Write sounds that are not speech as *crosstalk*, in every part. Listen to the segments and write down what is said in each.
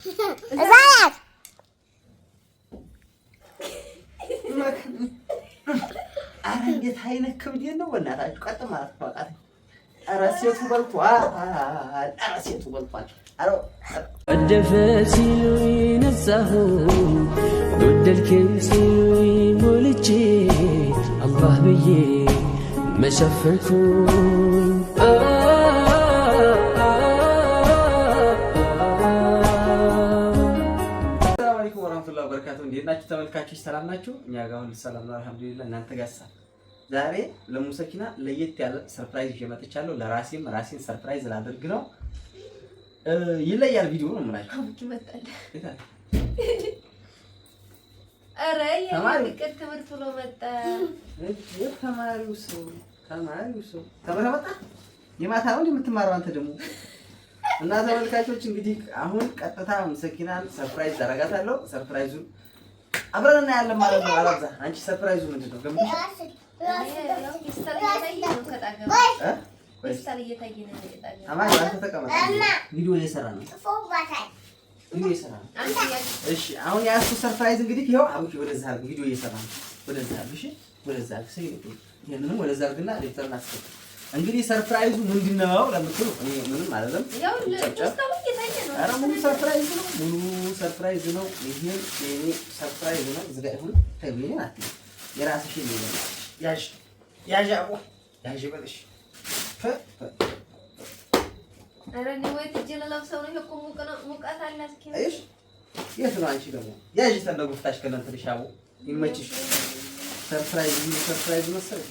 አረ ናት። እንዴት አይነት ክብዴን ነው በእናታችሁ! ቀጥ ማለት በቃት። ኧረ ሴቱ በልቷል! ኧረ ሴቱ በልቷል! ወደፈ ሲሉ ነጻሁ ጎደልከኝ ሲሉ ሞልቼ አላህ ብዬ መሸፈንኩኝ ሰላም አለይኩም ወራህመቱላሂ ወበረካቱ። እንዴት ናችሁ ተመልካቾች? ሰላም ናችሁ? እኛ ጋር ሁሉ ሰላም ነው አልሐምዱሊላህ። እናንተ ጋሳ? ዛሬ ለሙሰኪና ለየት ያለ ሰርፕራይዝ ይዤ መጥቻለሁ። ለራሴም ራሴን ሰርፕራይዝ ላደርግ ነው። ይለያል ቪዲዮ ነው የምላችሁ። አቡኪ መጣለ። አረ የምንቀር ትምህርት ብሎ መጣ። ተማሪው ሰው ተማሪው ሰው ተማሪው መጣ። የማታ ነው የምትማረው አንተ ደግሞ እና ተመልካቾች እንግዲህ አሁን ቀጥታ ምስኪናን ሰርፕራይዝ አደርጋታለሁ። ሰርፕራይዙን አብረን እናያለን ማለት ነው። አላብዛ አንቺ ሰርፕራይዙ ምንድን ነው? ገምተሽ ቪዲዮ እየሰራ ነው። እሺ አሁን ያሱ ሰርፕራይዝ እንግዲህ ይኸው አቡኪ ወደዛ ቪዲዮ እየሰራ ነው። ወደዛ ወደዛ ይህንንም ወደዛ አድርግና ሌፍተርን አስገባ እንግዲህ ሰርፕራይዙ ምንድን ነው ለምትሉ እኔ ምንም አይደለም። ኧረ ሙሉ ሰርፕራይዝ ነው፣ ሙሉ ሰርፕራይዝ ነው። ይሄን የእኔ ሰርፕራይዝ ነው። እዚህ ዝጋ ይሁን ተብዬ ናት። የራስሽን ነው ያዥ ያዥ አቦ ያዥ በልሽ። ኧረ እኔ ወይ ነው። ይሄ እኮ ሙቅ ነው፣ ሙቀት አለ። እስኪ እሺ፣ የት ነው አንቺ ደግሞ ያዥ ተለጉፍታሽ ጉፍታሽ ልሽ። አቦ ይመችሽ። ሰርፕራይዝ ነው፣ ሰርፕራይዝ መሰለሽ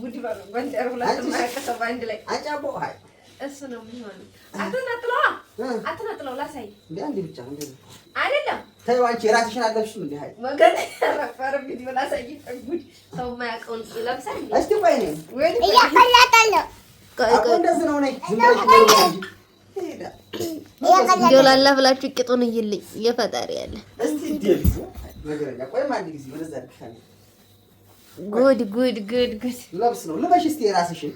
ውድ ጎንደር ሁለት ማያቀሰባ አንድ ላይ አጫቦ ሀይ እሱ ነው የሚሆነው። አትነጥለዋ አትነጥለው ላሳይ እንደ አንዴ ብቻ አይደለም። ተይው አንቺ የራስሽን አለብሽም እንደ ሀይ ወገን ረፋር ቪዲዮ ላሳይ። ጉድ ሰው የማያውቀውን ይለብሳል። እስቲ ቆይ ነኝ እያፈላጣለሁ። ላላ ብላችሁ ቂጡን እይልኝ እየፈጣሪ ያለ እስቲ እንዴ ነገረኛ ቆይም አንድ ጊዜ ወደዛ ልክሻለሁ ጉድ ጉድ ጉድ ጉድ ለብስ ነው ልበሽ። እስቲ የራስሽን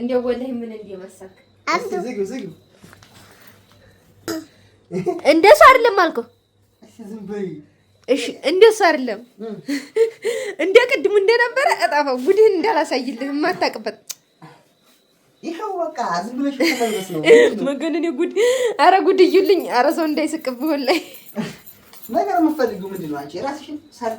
እንደው ወላሂ ምን እንደመሰልክ እንደሱ አይደለም አልከው። እሺ እንደሱ አይደለም እንደ ቅድሙ እንደነበረ እጣፋ ጉድህን እንዳላሳይልህ የማታውቅበት ይኸው በቃ ዝም ብለሽ ነው ጉድ አረ ጉድ እዩልኝ። አረ ሰው እንዳይስቅብህ ወላሂ ነገር የምትፈልጊው ምንድን ነው አንቺ? የራስሽን ሳለ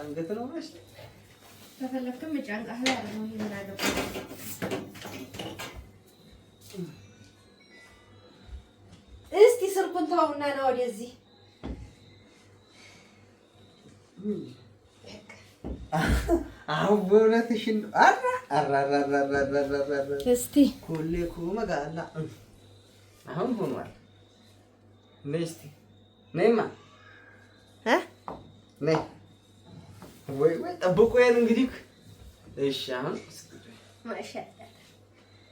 አንገት ነው መች ከፈለክም ጫንቃህ ላይ አድርገው። ምን አገባኝ? እስቲ ስልኩን ተውና ና ወደዚህ አሁን በእውነትሽን እስቲ ኮሌ መጋላ አሁን ሆኗል። ነይ እስቲ ነይማ ነይ ወይ ወይ ጠብቁ። ይሄን እንግዲህ እሺ። አሁን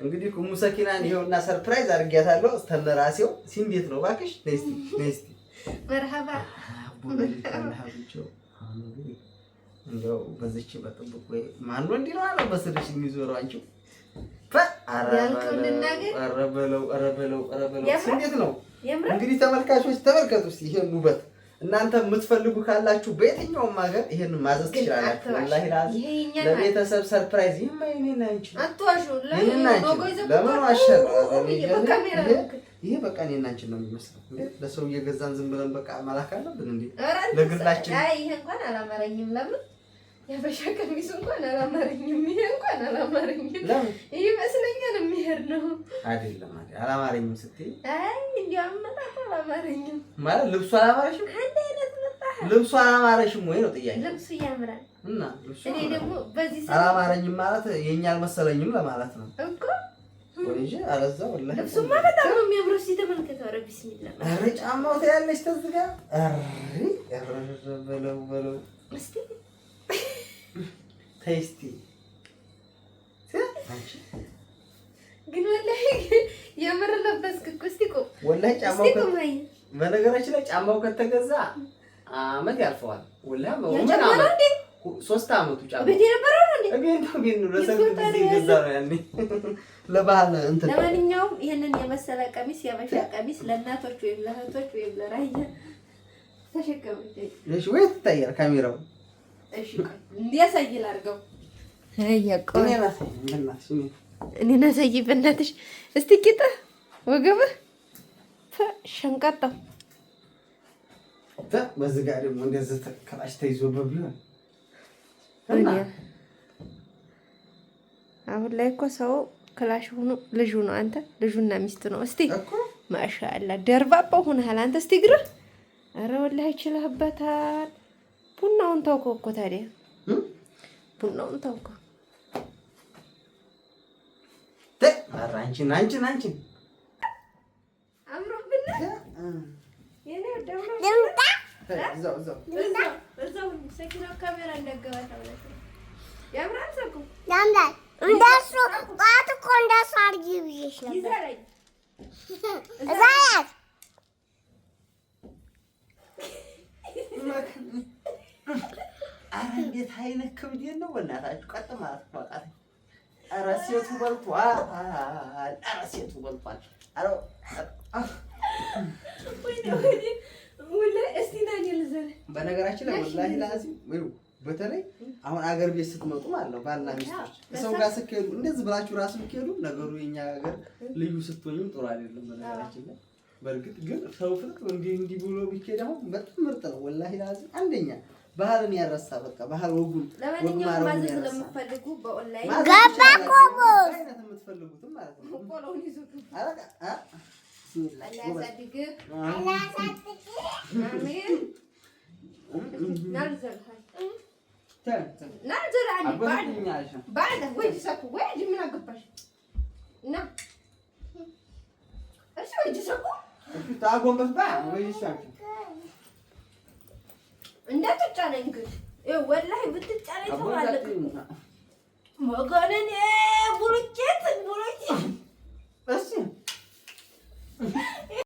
እንግዲህ ሙሰኪናን ይኸውና ሰርፕራይዝ አድርጊያታለሁ። እስተነራሴው ሲም ቤት ነው። እባክሽ ነይ እስኪ ነይ እስኪ። መርሐባ እንደው በዚች በጥብቅ ማን ነው ነው አለው በስልሽ የሚዞረው አንቺው ኧረ በለው ኧረ በለው ነው እንግዲህ ተመልካቾች ተመልከቱ እስኪ ይሄን ውበት እናንተ የምትፈልጉ ካላችሁ በየትኛውም ሀገር ይሄን ማዘዝ ትችላላችሁ። ወላሂ ለቤተሰብ ሰርፕራይዝ ይሄ በቃ እኔና አንቺን ነው የሚመስለው። ለሰው እየገዛን ዝም ብለን በቃ መላክ አለብን እንዴ? ለግላችን ይሄ እንኳን አላመረኝም ለምን የበሻ ቀሚስ እንኳን አላማረኝም። ይሄ እንኳን አላማረኝም። ይሄ ይመስለኛል የሚሄድ ነው አይደለም? አላማረኝም ስትይ አይ እንዲያው አላማረኝም ማለት ልብሱ አላማረሽም። አንድ አይነት መጣ ልብሱ አላማረሽም ወይ ነው ጥያቄ። ልብሱ ያምራል እና ልብሱ እኔ ደግሞ በዚህ አላማረኝም ማለት የኛ አልመሰለኝም ለማለት ነው እኮ ወይጄ አለዛ ወላሂ ልብሱማ በጣም ነው የሚያምረው። እስኪ ተመልከተው። ኧረ ቢስሚላ ኧረ ጫማው ታያለሽ ተዝጋ ኧረ ኧረ በለው በለው እስኪ ተይስቲ ግን ወላሂ የምር ለበስክ እኮ። እስኪ ቆይ ወላሂ ጫማው በነገራችን ላይ ጫማው ከተገዛ አመት ያልፈዋል። ወላሂ አመት ሶስት አመቱ *laughs* ለባህል እንትን። ለማንኛውም ይህንን የመሰለ ቀሚስ የመሻ ቀሚስ ለእናቶች ወይም ለእህቶች ወይም ለራያ ተሸከሙ ወይ ትታያል ካሜራው እኔን አሳይ በእናትሽ እስቲ ቂጥ ወገብህ ሸንቃጣው በዚህ ጋር ደግሞ እንደዚህ ከላሽ ተይዞ በብለን አሁን ላይ እኮ ሰው ክላሽ ሆኖ ልጁ ነው። አንተ ልጁና ሚስት ነው። እስቲ ማሻአላ ደርባባ ሆነሃል አንተ። እስቲ ግርህ ኧረ ወላሂ ይችልህበታል። ቡናውን ተውከው እኮ ታዲያ ቡናውን ተውከው አንቺን አንቺን አንቺን እንደሱ ቋት እኮ እንደሱ አድርጊ ብዬሽ ነበር። እዛ ያት አረ እንዴት አይነት ክብድ ነው! በእናታችሁ ቀጥ ማለት እኮ አቃተኝ። ሴቱ በልቷል! ኧረ ሴቱ በልቷል! በነገራችን ላይ ወላሂ ላዚም በተለይ አሁን አገር ቤት ስትመጡ ማለት ነው ባልና ሚስቶች ሰው ጋር ስትሄዱ እንደዚህ ብላችሁ ራሱ ብትሄዱ ነገሩ የኛ ሀገር ልዩ ስትሆኝም ጥሩ አይደለም። በነገራችን ላይ በእርግጥ ግን ሰው ፍቅር እንዲህ እንዲህ ብሎ ቢኬድ አሁን በጣም ምርጥ ነው ወላሂ ላዚም አንደኛ ባህልን ያረሳ በቃ ባህል ወጉን ለማንኛውም ማዘዝ ለምትፈልጉ በኦንላይን ጋባ ኮቦ ነው። እንዳትጫነኝ ግን ወላሂ ብትጫነኝ ተባለቅ መኮንን ቡሩኬት ቡሩኬት